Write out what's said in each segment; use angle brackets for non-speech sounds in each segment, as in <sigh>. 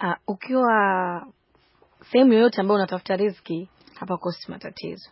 Uh, ukiwa sehemu yoyote ambayo unatafuta riziki hapakosi matatizo.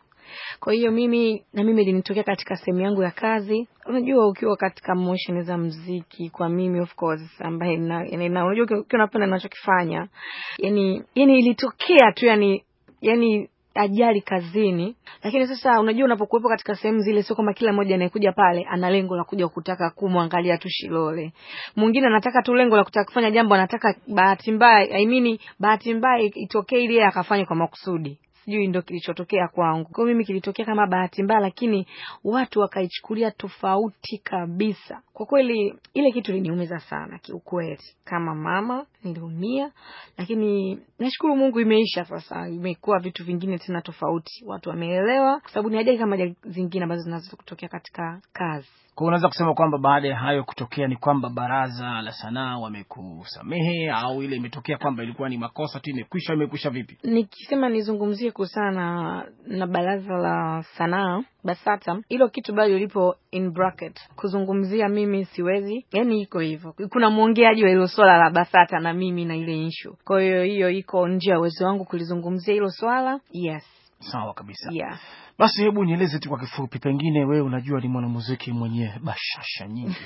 Kwa hiyo mimi na mimi ilinitokea katika sehemu yangu ya kazi. Unajua, ukiwa katika motion za mziki kwa mimi of course, ambaye na unajua, ukiwa unapenda ninachokifanya, yani yani ilitokea tu yani yani ajali kazini, lakini sasa unajua unapokuwepo katika sehemu zile, sio kama kila mmoja anayekuja pale ana lengo la kuja kutaka kumwangalia tu Shilole. Mwingine anataka tu lengo la kutaka kufanya jambo, anataka bahati mbaya, I mean bahati mbaya itokee ile yeye akafanya kwa makusudi. Sijui ndo kilichotokea kwangu. Kwa mimi kilitokea kama bahati mbaya, lakini watu wakaichukulia tofauti kabisa. Kwa kweli ile kitu iliniumiza sana kiukweli, kama mama niliumia, lakini nashukuru Mungu imeisha. Sasa imekuwa vitu vingine tena tofauti, watu wameelewa, kwa sababu ni ajali kama ajali zingine ambazo zinaweza kutokea katika kazi. Kwa unaweza kusema kwamba baada ya hayo kutokea ni kwamba baraza la sanaa wamekusamehe au ile imetokea kwamba ilikuwa ni makosa tu, imekwisha? Imekwisha vipi? Nikisema nizungumzie kuhusiana na baraza la sanaa BASATA, hilo kitu bado lipo in bracket, kuzungumzia mimi siwezi, yani iko hivyo. Kuna mwongeaji wa hilo swala la BASATA na mimi na ile inshu. Kwa hiyo hiyo iko nje ya uwezo wangu kulizungumzia hilo swala. Yes, sawa kabisa yeah. Basi hebu nieleze tu kwa kifupi, pengine wewe unajua ni mwanamuziki mwenye bashasha nyingi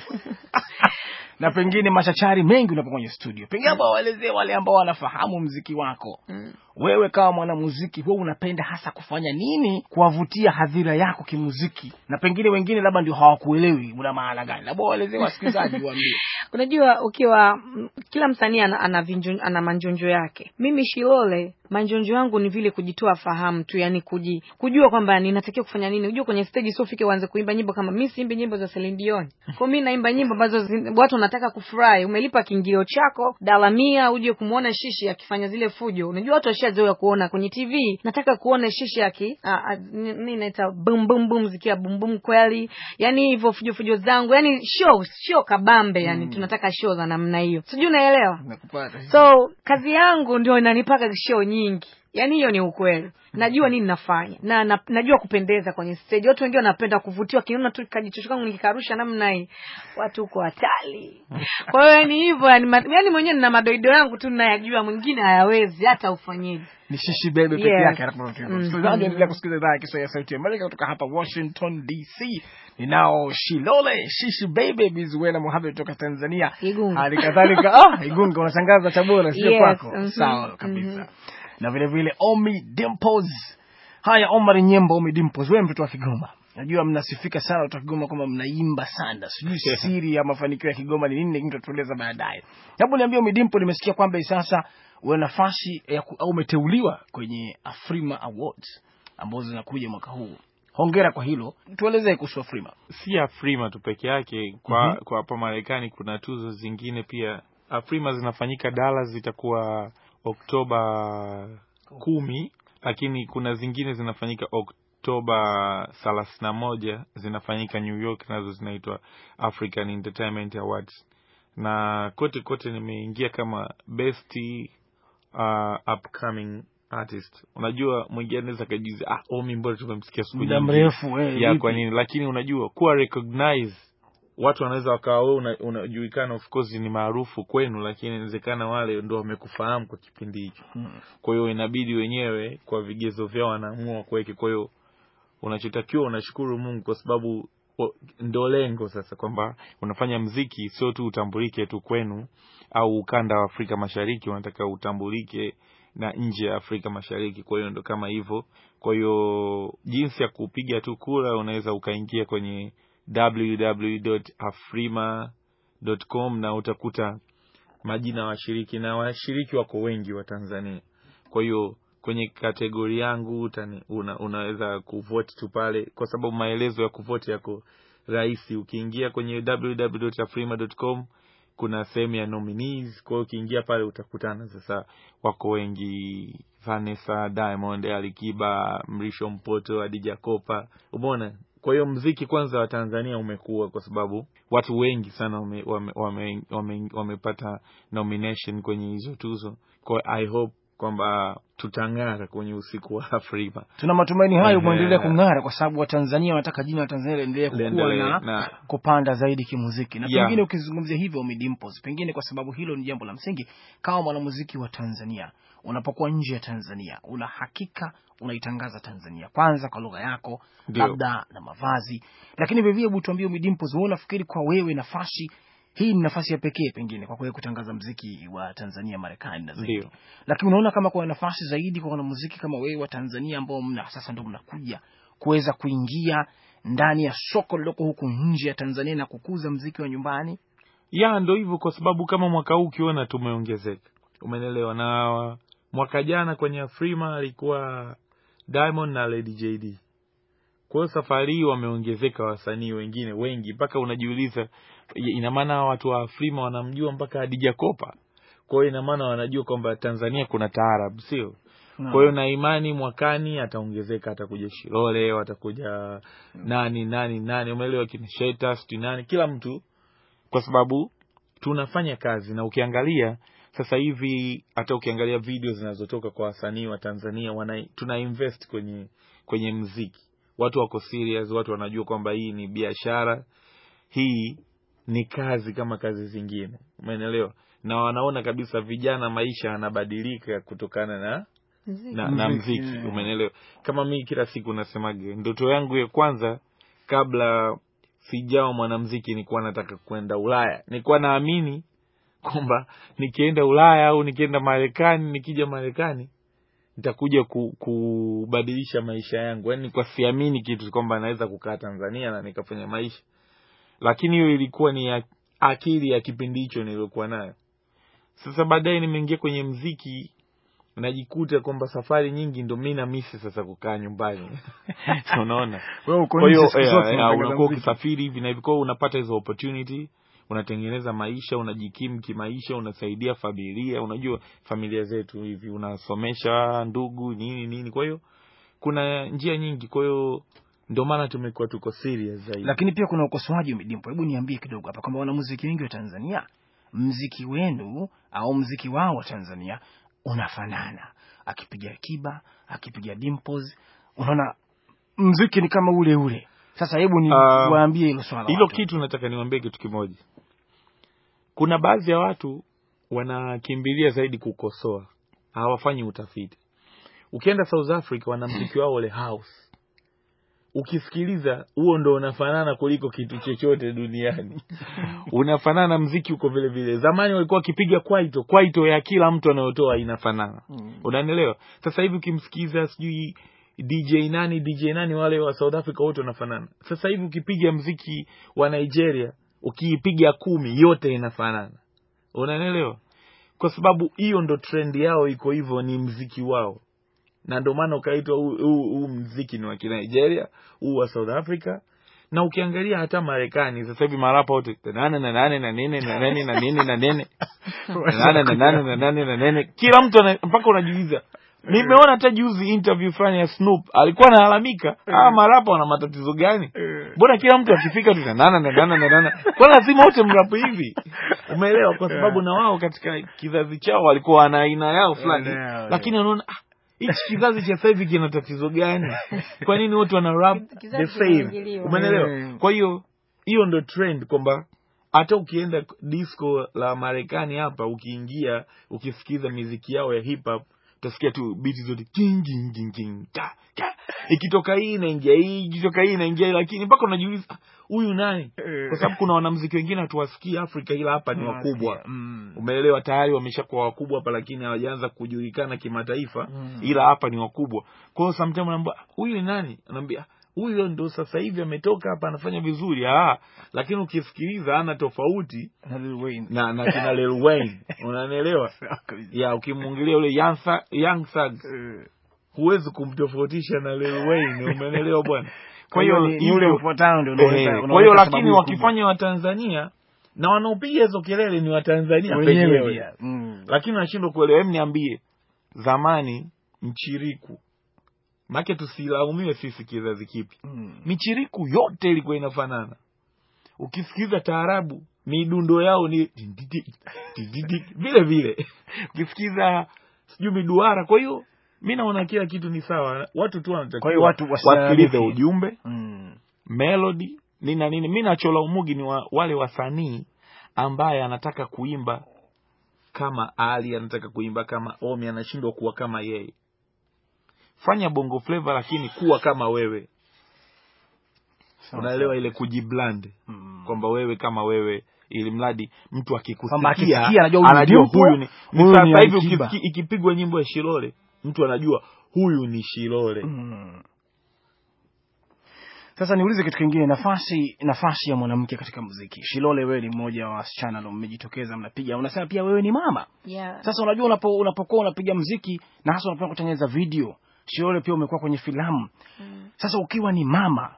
<laughs> na pengine mashachari mengi unapo kwenye studio, pengine ambao mm. waelezee wale ambao wanafahamu mziki wako mm. Wewe kama mwanamuziki wewe unapenda hasa kufanya nini kuwavutia hadhira yako kimuziki, na pengine wengine labda ndio hawakuelewi una maana gani, labda waelezee wasikilizaji, <laughs> waambie. Unajua, ukiwa mm, kila msanii ana ana, ana manjonjo yake. Mimi Shilole manjonjo yangu ni vile kujitoa fahamu tu, yani kuji, kujua kwamba ninatakiwa kufanya nini. Unajua kwenye stage sio fike uanze kuimba nyimbo kama mimi, siimbi nyimbo za Celine Kwa mimi naimba nyimbo ambazo watu wanataka kufurahi. Umelipa kiingilio chako dala mia uje kumuona Shishi akifanya zile fujo. Unajua watu washazoea kuona kwenye TV, nataka kuona Shishi aki mimi naita bum bum bum, zikia bum bum kweli, yani hivyo fujo fujo zangu, yani show sio kabambe, yani mm. tunataka show za namna hiyo, sijui unaelewa. So kazi yangu ndio inanipaka show nyingi nyingi. Yaani hiyo ni ukweli. Najua nini nafanya. Na, na najua kupendeza kwenye stage. Watu wengi wanapenda kuvutiwa kiniona tu kajichocho kangu nikikarusha namna hii. Watu huko hatali Kwa hiyo yani hivyo yani, yani mwenyewe nina madoido yangu tu ninayajua, mwingine hayawezi hata ufanyeji Ni shishi bebe yes. peke yake anapotoka. Msikilizaji, mm-hmm. endelea kusikiliza idhaa ya Kiswahili ya Sauti Amerika kutoka hapa Washington DC. Ninao Shilole, Shishi Baby Bizwena Mohamed kutoka Tanzania. Hali kadhalika ah, Igunga unashangaza cha bora sio kwako. Mm-hmm. Sawa kabisa. mm-hmm na vile vile Omi Dimples. Haya, Omar Nyembo, Omi Dimples, wewe mtoto wa Kigoma, najua mnasifika sana watu wa Kigoma kwamba mnaimba sana, sijui <laughs> siri ya mafanikio ya Kigoma ni nini, lakini tutatueleza baadaye. Hebu niambie Omi Dimple, nimesikia kwamba hivi sasa una nafasi au umeteuliwa kwenye Afrima Awards ambazo zinakuja mwaka huu. Hongera kwa hilo. Tuelezee kuhusu Afrima. Si Afrima tu peke yake, kwa mm -hmm. kwa hapa Marekani kuna tuzo zingine pia. Afrima zinafanyika Dallas, zitakuwa Oktoba kumi, lakini kuna zingine zinafanyika Oktoba thalathi na moja zinafanyika New York, nazo zinaitwa African Entertainment Awards, na kote kote nimeingia kama best uh, upcoming artist. Unajua mwingine anaweza akajuzi ah, omi Mbora tumemsikia siku muda mrefu eh, ya kwa nini, lakini unajua kuwa recognize watu wanaweza wakawa wewe unajulikana, una, course ni maarufu kwenu, lakini inawezekana wale ndo wamekufahamu kwa kipindi hicho. Hmm. Kwa hiyo inabidi wenyewe kwa vigezo vyao wanaamua kuweke. Kwa hiyo unachotakiwa, unashukuru Mungu kwa sababu ndo lengo sasa, kwamba unafanya mziki sio tu utambulike tu kwenu au ukanda wa Afrika Mashariki, unataka utambulike na nje ya Afrika Mashariki. Kwa hiyo ndo kama hivyo. Kwa hiyo jinsi ya kupiga tu kura, unaweza ukaingia kwenye www.afrima.com na utakuta majina ya washiriki na washiriki wako wengi wa Tanzania. Kwa hiyo kwenye kategori yangu utani, una, unaweza kuvote tu pale, kwa sababu maelezo ya kuvote yako rahisi. Ukiingia kwenye www.afrima.com kuna sehemu ya nominees. Kwa hiyo ukiingia pale utakutana sasa, wako wengi Vanessa Diamond, Alikiba, Mrisho Mpoto, Adija Kopa, umeona kwa hiyo mziki kwanza wa Tanzania umekuwa kwa sababu watu wengi sana wamepata wame, wame, wame, nomination kwenye hizo tuzo. Kwa I hope kwamba tutang'ara kwenye usiku wa Afrika. Tuna matumaini hayo mwendelea kung'ara, kwa sababu Watanzania wanataka jina la Tanzania liendelee kukua na, na kupanda zaidi kimuziki na yeah. Pengine ukizungumzia hivyo midimpos pengine kwa sababu hilo ni jambo la msingi, kama mwanamuziki wa Tanzania unapokuwa nje ya Tanzania una hakika unaitangaza Tanzania kwanza kwa lugha yako labda na mavazi. Lakini vivyo hivyo, hebu tuambie Umidimpos, wewe unafikiri kwa wewe nafasi hii ni nafasi ya pekee pengine kwa kweli kutangaza mziki wa Tanzania Marekani na zaidi, lakini unaona kama kuna nafasi zaidi kwa wanamuziki kama wewe wa Tanzania ambao mna sasa ndio mnakuja kuweza kuingia ndani ya soko lililoko huku nje ya Tanzania na kukuza mziki wa nyumbani? Ya, ndo hivyo, kwa sababu kama mwaka huu ukiona tumeongezeka, umenelewa na mwaka jana kwenye Afrima alikuwa Diamond na Lady JD. Kwa hiyo safari hii wameongezeka wasanii wengine wengi, mpaka unajiuliza, ina maana watu wa Afrima wanamjua mpaka Hadija Kopa. Kwa hiyo ina maana wanajua kwamba Tanzania kuna taarab, sio? No. Kwa hiyo na imani mwakani ataongezeka, atakuja Shilole, watakuja nani nani nani, umeelewa, kina Sheta, sijui nani, kila mtu, kwa sababu tunafanya kazi na ukiangalia sasa hivi hata ukiangalia video zinazotoka kwa wasanii wa Tanzania wana, tuna invest kwenye kwenye mziki. Watu wako serious, watu wanajua kwamba hii ni biashara, hii ni kazi kama kazi zingine, umeelewa? Na wanaona kabisa vijana, maisha yanabadilika kutokana na mziki. na, na mziki, mziki umeelewa? Kama mimi kila siku nasemaga ndoto yangu ya kwanza kabla sijawa mwanamziki nilikuwa nataka kwenda Ulaya, nilikuwa naamini kwamba nikienda Ulaya au nikienda Marekani, nikija Marekani nitakuja kubadilisha maisha yangu, yaani nilikuwa siamini kitu kwamba naweza kukaa Tanzania na nikafanya maisha, lakini hiyo ilikuwa ni akili ya kipindi hicho niliyokuwa nayo. Sasa baadaye nimeingia kwenye mziki najikuta kwamba safari nyingi ndo mi namisi sasa kukaa nyumbani <laughs> unaona kwa hiyo eh, eh, unakuwa ukisafiri hivi na hivi kwao unapata hizo opportunity unatengeneza maisha, unajikimu kimaisha, unasaidia familia, unajua familia zetu hivi, unasomesha ndugu nini nini. Kwa hiyo kuna njia nyingi, kwa hiyo ndio maana tumekuwa tuko serious zaidi, lakini pia kuna ukosoaji umedimpo. Hebu niambie kidogo hapa kwamba wanamuziki wengi wa Tanzania, mziki wenu au mziki wao wa Tanzania unafanana, akipiga kiba akipiga Dimples, unaona mziki ni kama ule ule sasa hebu ni um, waambie hilo swala. Hilo kitu nataka niwaambie kitu kimoja. Kuna baadhi ya watu wanakimbilia zaidi kukosoa, hawafanyi utafiti. Ukienda South Africa wana mziki wao Ole House, ukisikiliza huo ndo unafanana kuliko kitu chochote duniani <laughs> unafanana mziki huko vile vile. Zamani walikuwa wakipiga kwaito, kwaito ya kila mtu anayotoa inafanana mm. Unanielewa? Sasa hivi ukimsikiliza sijui DJ nani DJ nani, wale wa South Africa wote wanafanana. Sasa hivi ukipiga mziki wa Nigeria ukiipiga kumi yote inafanana, unanielewa? Kwa sababu hiyo ndo trend yao iko hivyo, ni mziki wao, na ndio maana ukaitwa huu mziki ni wa Kinigeria, huu wa South Africa na ukiangalia hata Marekani sasa hivi marapa wote nane na nane na nene na nane na nene na nene na nane <laughs> na nane na nane na nene, kila mtu mpaka unajiuliza nimeona hata juzi interview fulani ya Snoop alikuwa analalamika eh. aa ah, marapa wana matatizo gani? Eh. Mbona kila mtu akifika tu nanana nanana nanana, kwa lazima wote mrapu hivi, umeelewa? Kwa eh. sababu na wao katika kizazi chao walikuwa wana aina yao fulani, lakini wanaona ah, hichi kizazi cha sahivi kina tatizo gani? Kwa nini wote wana rap the same? Umeelewa? Kwa hiyo hiyo ndo trend kwamba hata ukienda disco la Marekani hapa, ukiingia ukisikiza miziki yao ya hip hop utasikia tu biti zote ikitoka hii inaingia hii ikitoka hii inaingia lakini mpaka unajiuliza huyu nani eh. kwa sababu kuna wanamziki wengine hatuwasikii Afrika ila hapa ni wakubwa mm. umeelewa tayari wameshakuwa wakubwa hapa lakini hawajaanza kujulikana kimataifa mm. ila hapa ni wakubwa kwa hiyo sometimes naambia huyu ni nani anaambia huyo ndo sasa hivi ametoka hapa anafanya vizuri ah, lakini ukisikiliza ana tofauti na na kina Lil Wayne unanielewa? <laughs> ya ukimwangalia yule Yansa Yansa eh. huwezi kumtofautisha na Lil Wayne, umeelewa bwana? <laughs> Kwa hiyo yule ufuatano ndio eh, unaweza. Kwa hiyo lakini wakifanya wa Tanzania na wanaopiga hizo kelele ni wa Tanzania pekee wenyewe, mm. lakini nashindwa kuelewa. Hem, niambie zamani Mchiriku make tusilaumiwe sisi kizazi kipi mm. michiriku yote ilikuwa inafanana ukisikiza taarabu midundo yao ni vile vile <laughs> ukisikiza sijui miduara kwa hiyo mi naona kila kitu ni sawa watu tu wanatakiwawasikilize ujumbe mm. melodi nina nini mi nachola umugi ni wa, wale wasanii ambaye anataka kuimba kama ali anataka kuimba kama omi anashindwa kuwa kama yeye fanya bongo flavor lakini kuwa kama wewe unaelewa ile kujibland hmm. kwamba wewe kama wewe ili mradi mtu akikusikia anajua huyu ni, sasa hivi ikipigwa nyimbo ya Shilole mtu anajua huyu ni Shilole hmm. Sasa niulize kitu kingine, nafasi nafasi ya mwanamke katika muziki. Shilole, wewe ni mmoja wa wasichana ambao mmejitokeza, mnapiga, unasema pia wewe ni mama yeah. Sasa unajua unapokuwa unapiga muziki na hasa unapokuwa kutengeneza video Shiole pia umekuwa kwenye filamu mm. Sasa ukiwa ni mama,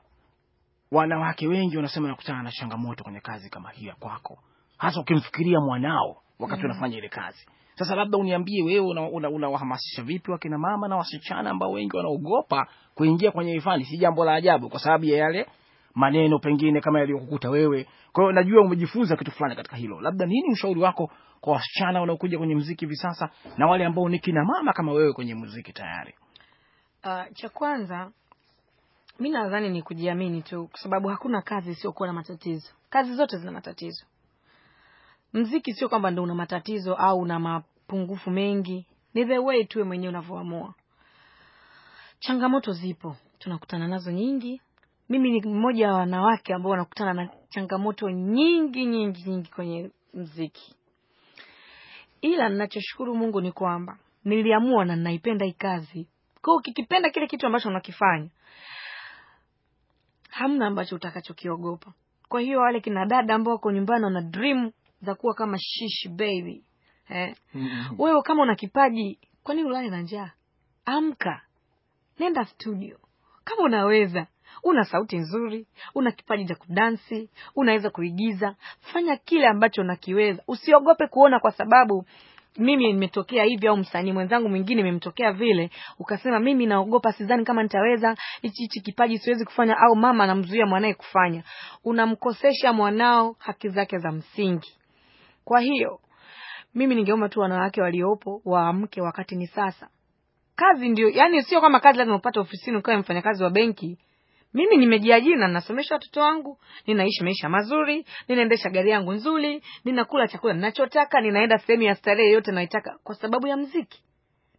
wanawake wengi wanasema nakutana na changamoto kwenye kazi kama hiyo ya kwako, hasa ukimfikiria mwanao wakati mm. unafanya ile kazi. Sasa labda uniambie wewe unawahamasisha una, una vipi wakina mama na wasichana ambao wengi wanaogopa kuingia kwenye ifani? Si jambo la ajabu kwa sababu ya yale maneno pengine kama yaliyokukuta wewe. Kwa hiyo najua umejifunza kitu fulani katika hilo. Labda nini ushauri wako kwa wasichana wanaokuja kwenye muziki hivi sasa na wale ambao ni kina mama kama wewe kwenye muziki tayari? Uh, cha kwanza mi nadhani ni kujiamini tu, kwa sababu hakuna kazi isiyokuwa na matatizo. Kazi zote zina matatizo. Mziki sio kwamba ndo una matatizo au una mapungufu mengi, ni the way tuwe mwenyewe unavyoamua. Changamoto zipo, tunakutana nazo nyingi. Mimi ni mmoja wa wanawake ambao wanakutana na changamoto nyingi nyingi nyingi kwenye mziki, ila ninachoshukuru Mungu ni kwamba niliamua na ninaipenda hii kazi kwa ukikipenda kile kitu ambacho unakifanya hamna ambacho utakachokiogopa. Kwa hiyo wale kina dada ambao wako nyumbani wana dream za kuwa kama Shishi Baby eh? mm. hmm Wewe kama una kipaji, kwa nini ulale na njaa? Amka, nenda studio kama unaweza. Una sauti nzuri, una kipaji cha kudansi, unaweza kuigiza. Fanya kile ambacho unakiweza, usiogope kuona, kwa sababu mimi nimetokea hivi au msanii mwenzangu mwingine imemtokea vile, ukasema mimi naogopa, sidhani kama nitaweza hichi hichi kipaji siwezi kufanya, au mama anamzuia mwanae kufanya, unamkosesha mwanao haki zake za msingi. Kwa hiyo mimi ningeomba tu wanawake waliopo waamke, wakati ni sasa. Kazi ndio, yani sio kama kazi lazima upate ofisini ukawe mfanyakazi wa benki mimi nimejiajiri na ninasomesha watoto wangu, ninaishi maisha mazuri, ninaendesha gari yangu nzuri, ninakula chakula ninachotaka, ninaenda sehemu ya starehe yote naitaka kwa sababu ya mziki.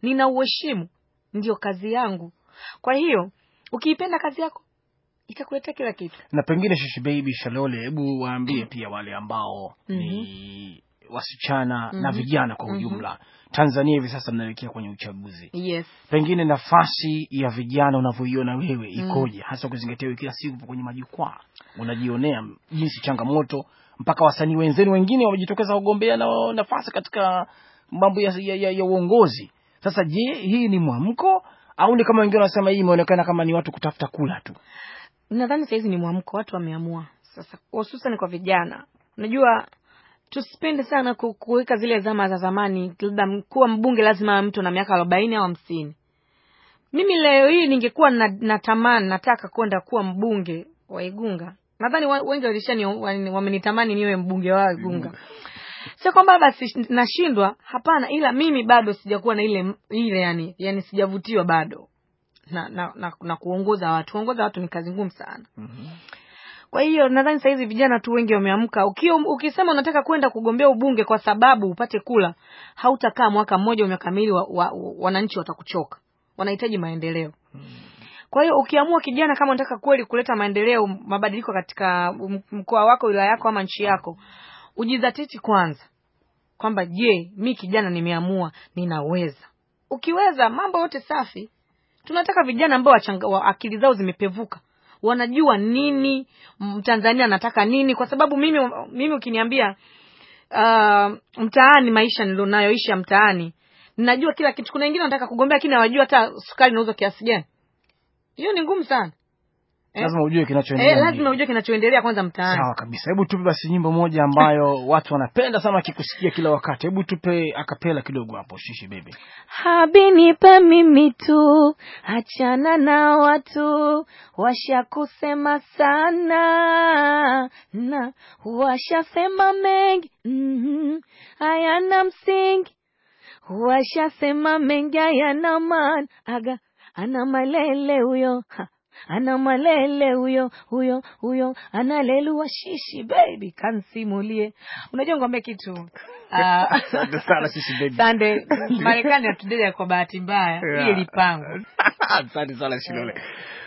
Nina uheshimu, ndio kazi yangu. Kwa hiyo ukiipenda kazi yako itakuletea kila kitu. Na pengine Shishi Baby Shalole, hebu waambie pia wale ambao mm -hmm. ni wasichana mm -hmm. na mhm. vijana kwa mhm. ujumla mm -hmm Tanzania hivi sasa mnaelekea kwenye uchaguzi. Yes. Pengine nafasi ya vijana unavyoiona wewe mm. ikoje? Mm. Hasa ukizingatia wewe kila siku kwenye majukwaa unajionea jinsi changamoto mpaka wasanii wenzenu wengine wamejitokeza kugombea na nafasi katika mambo ya, ya, ya, ya uongozi. Sasa je, hii ni mwamko au ni kama wengine wanasema hii imeonekana kama ni watu kutafuta kula tu? Nadhani sasa hizi ni mwamko, watu wameamua sasa, hususan kwa vijana. Unajua tusipende sana kuweka zile zama za zamani, labda kuwa mbunge lazima mtu na miaka arobaini au hamsini. Mimi leo hii ningekuwa natamani, nataka kwenda kuwa mbunge wa Igunga. Nadhani wengi walishani wamenitamani niwe mbunge wa Igunga mm-hmm. Sio kwamba basi nashindwa, hapana, ila mimi bado sijakuwa na ile ile, yani yani sijavutiwa bado na na, na, na kuongoza watu. Kuongoza watu ni kazi ngumu sana mm -hmm. Kwa hiyo nadhani sasa hizi vijana tu wengi wameamka. Ukiwa ukisema unataka kwenda kugombea ubunge kwa sababu upate kula, hautakaa mwaka mmoja umekamili, wananchi wa, wa, wa, watakuchoka. Wanahitaji maendeleo. Kwa hiyo ukiamua kijana, kama unataka kweli kuleta maendeleo, mabadiliko katika mkoa wako, wilaya yako ama nchi yako, ujizatiti kwanza kwamba je, mi kijana nimeamua ninaweza. Ukiweza mambo yote safi. Tunataka vijana ambao akili zao zimepevuka wanajua nini mtanzania anataka nini kwa sababu mimi mimi ukiniambia uh, mtaani maisha nilionayoishi ya mtaani najua kila kitu kuna wengine wanataka kugombea lakini hawajua hata sukari inauzwa kiasi gani hiyo ni ngumu sana eh? Lazima ujue kinachoendelea. Eh, lazima ujue kinachoendelea kwanza mtaani. Sawa kabisa. Hebu tupe basi nyimbo moja ambayo <laughs> watu wanapenda sana wakikusikia kila wakati. Hebu tupe akapela kidogo hapo shishi baby. Habinipe mimi tu, achana na watu washakusema sana na washasema mengi mm -hmm. msingi washasema mengi hayana maana aga ana malele huyo ana malele huyo huyo huyo analelua shishi baby, kansimulie. Unajua ngombe kitu asante uh, sande Marekani atudeja kwa bahati mbaya Hii lipango <laughs> asante sana Shilole.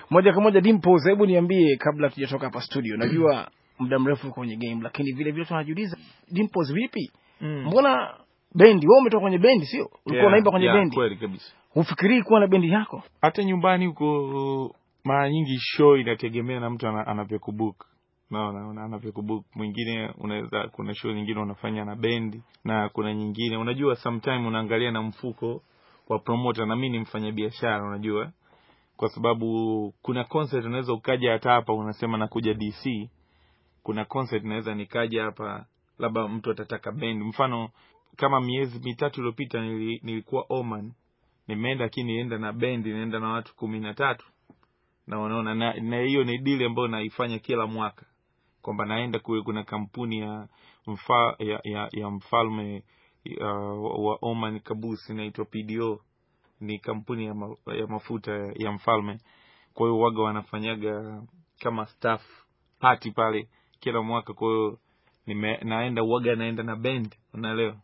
Moja kwa moja Dimpo, hebu niambie kabla tujatoka hapa studio, najua <clears throat> muda mrefu kwenye game, lakini vile vile tunajiuliza Dimples vipi? Mm. mbona bendi wewe umetoka kwenye bendi sio? Ulikuwa unaimba kwenye yeah, bendi kweli kabisa. Ufikirii kuwa na bendi yako hata nyumbani huko mara nyingi show inategemea na mtu anavyokubook naona no, anavyokubook mwingine unaweza kuna show nyingine unafanya na bendi na kuna nyingine unajua sometime unaangalia na mfuko wa promoter na mimi ni mfanya biashara unajua kwa sababu kuna concert unaweza ukaja hata hapa unasema nakuja DC kuna concert naweza nikaja hapa labda mtu atataka band mfano kama miezi mitatu iliyopita nilikuwa Oman nimeenda lakini nienda na bendi nienda na watu kumi na tatu na unaona na, na hiyo ni dili ambayo naifanya kila mwaka kwamba naenda kuwe kuna kampuni ya, mfa, ya, ya, ya mfalme ya, wa Oman Kabus inaitwa PDO ni kampuni ya, ma, ya mafuta ya mfalme. Kwa hiyo waga wanafanyaga kama staff party pale kila mwaka, kwa hiyo naenda waga naenda na band, unaelewa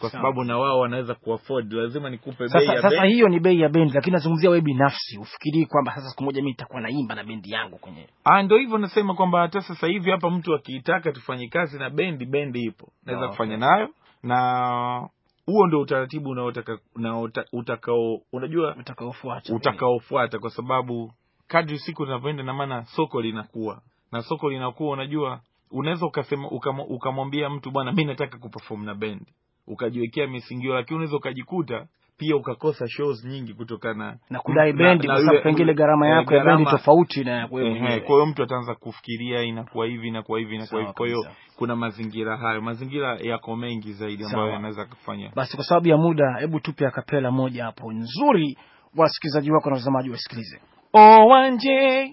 kwa sababu na wao wanaweza kuafford, lazima nikupe bei ya bendi. sasa. Hiyo ni bei ya bendi, lakini nazungumzia wewe binafsi, ufikirii kwamba sasa siku moja mimi nitakuwa naimba na bendi yangu kwenye. Ah, ndio hivyo nasema kwamba hata sasa hivi hapa mtu akiitaka tufanye kazi na bendi, bendi ipo, naweza no, kufanya okay. nayo na huo ndio utaratibu unaotaka na utakao, unajua utakaofuata, utakaofuata kwa sababu kadri siku zinavyoenda, na maana soko linakuwa na soko linakuwa, unajua unaweza ukasema ukamwambia mtu bwana, mimi nataka kuperform na bendi ukajiwekea misingi hiyo lakini unaweza ukajikuta pia ukakosa shows nyingi kutokana na kudai bendi, kwa sababu pengine gharama eh, yako ya bendi tofauti na wewe mwenyewe. Kwa hiyo mtu ataanza kufikiria inakuwa hivi na kwa hivi na kwa hivi. Kwa hiyo kuna mazingira hayo, mazingira yako mengi zaidi ambayo yanaweza kufanya. Basi kwa sababu ya muda, hebu tupe akapela moja hapo nzuri, wasikilizaji wako na watazamaji wasikilize. O wanje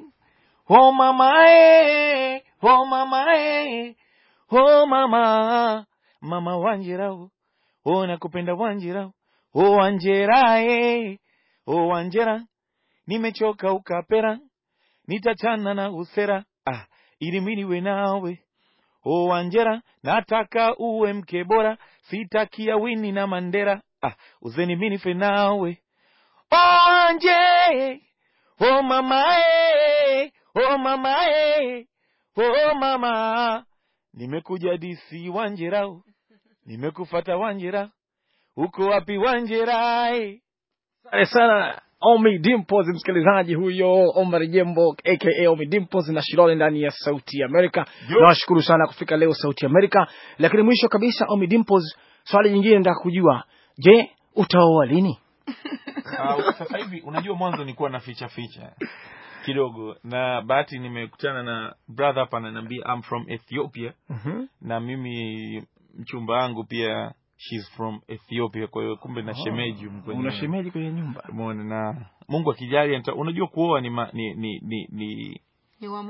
o mama e o mama e o mama mama wanjirao Oh, nakupenda Wanjira, oh Wanjira, eh, oh Wanjira, nimechoka ukapera, nitachana na usera, ah, ili miniwe nawe o Wanjera, nataka uwe mke bora, sitakia wini na Mandera. Ah, uzeni minife nawe o Anje, o mamae, eh. o mamae, eh. o mama, nimekuja disi Wanjerao, nimekufata Wanjira, uko wapi Wanjira? Sare sana Omi Dimpos, msikilizaji huyo Omar Jembo aka Omi Dimpos na shirole ndani ya Sauti Amerika. Nawashukuru sana kufika leo Sauti Amerika. Lakini mwisho kabisa, Omi Dimpos, swali nyingine nataka kujua, je, utaoa lini? Ah, sasa hivi unajua, mwanzo nilikuwa na ficha ficha kidogo na bahati nimekutana na brother hapa ananiambia I'm from Ethiopia. mm -hmm. na mimi mchumba wangu pia she's from Ethiopia, kwa hiyo kumbe na oh, shemeji una shemeji kwenye nyumba mona Na Mungu akijali, unajua kuoa ni ma, ni ni ni, ni,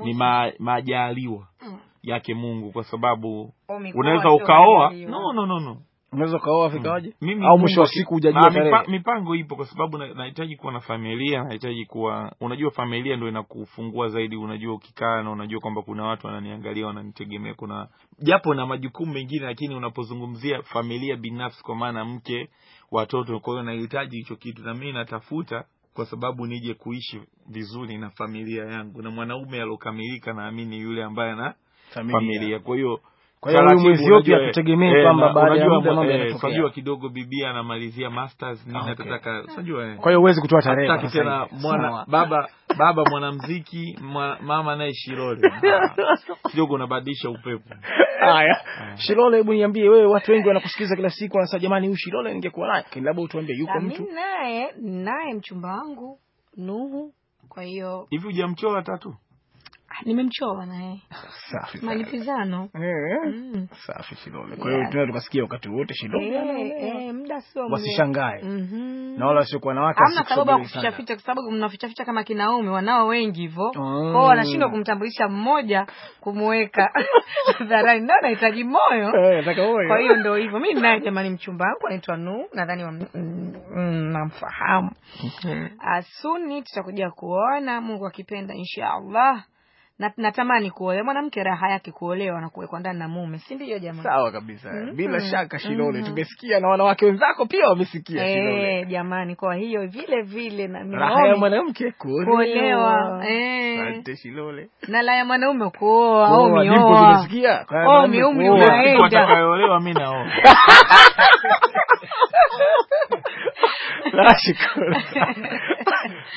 ni ma, majaliwa mm, yake Mungu, kwa sababu oh, unaweza ukaoa no no no no unaweza ukaoa hmm. fikawaje au mwisho wa siku hujajua ah, tarehe. Mipango ipo kwa sababu nahitaji na kuwa na familia, nahitaji kuwa, unajua familia ndo inakufungua zaidi. Unajua ukikaa na unajua kwamba kuna watu wananiangalia, wananitegemea, kuna japo na majukumu mengine, lakini unapozungumzia familia binafsi, kwa maana mke, watoto, kwa hiyo nahitaji hicho kitu na mimi natafuta kwa sababu nije kuishi vizuri na familia yangu, na mwanaume alokamilika naamini yule ambaye ana familia, familia. kwa hiyo kwa hiyo huyu mwezi Ethiopia atutegemee eh, kwamba baada ya muda mambo eh, yanatokea. Unajua kidogo bibi anamalizia masters nini atataka ah, unajua. eh. Kwa hiyo huwezi kutoa tarehe. Hataki tena mwana baba baba mwanamuziki mama naye Shirole. <laughs> Ah, kidogo unabadilisha upepo. Haya. Ah. Shirole, hebu niambie wewe, watu wengi wanakusikiliza kila siku, wanasema jamani, huyu Shirole ningekuwa naye. Labda utuambie yuko mtu. Mimi naye naye mchumba wangu Nuhu. Kwa hiyo hivi hujamchoa tatu? nimemchoma naye safi malipizano eh? mm. safi Shilole. Kwa hiyo yeah. tunaweza tukasikia wakati wote Shilole eh, eh, muda sio wasishangae mhm. na wala wasiokuwa na wake hamna sababu ya kuficha ficha, kwa sababu mnafichaficha kama kinaume wanao wengi hivyo mm. Ah. kwao wanashindwa kumtambulisha mmoja kumweka <laughs> hadharani, ndio anahitaji moyo. Kwa hiyo ndio hivyo. Mimi naye jamani, mchumba wangu anaitwa Nu, nadhani namfahamu. Mm-hmm. Asuni, tutakuja kuona Mungu akipenda, inshaallah na natamani kuolewa. Mwanamke raha yake kuolewa na kuwekwa ndani na mume, si ndio jamani? Sawa kabisa mm -hmm. bila shaka shinole mm -hmm. tumesikia na wanawake wenzako pia wamesikia hey, eh, Shilole jamani, kwa hiyo vile vile na raha ya mwanamke kuolewa eh, asante Shilole, na la ya mwanaume kuoa au mioa, tumesikia kwa miumi unaenda watakaolewa mimi <laughs> la Nashukuru. <laughs>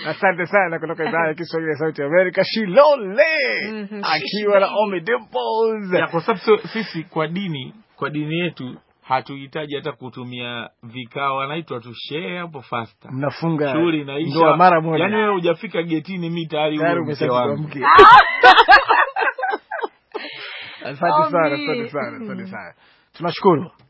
Asante sana kutoka idhaa ya Kiswahili ya Sauti ya Amerika, Shilole mhm. akiwa na Omi Dimples. Ya kwa sababu sisi kwa dini, kwa dini yetu hatuhitaji hata kutumia vikao, anaitwa tu share hapo, faster, mnafunga shughuli inaisha mara moja. Yani wewe hujafika getini, mi tayari huyo mke wangu. <laughs> Asante sana, asante sana, asante sana, tunashukuru.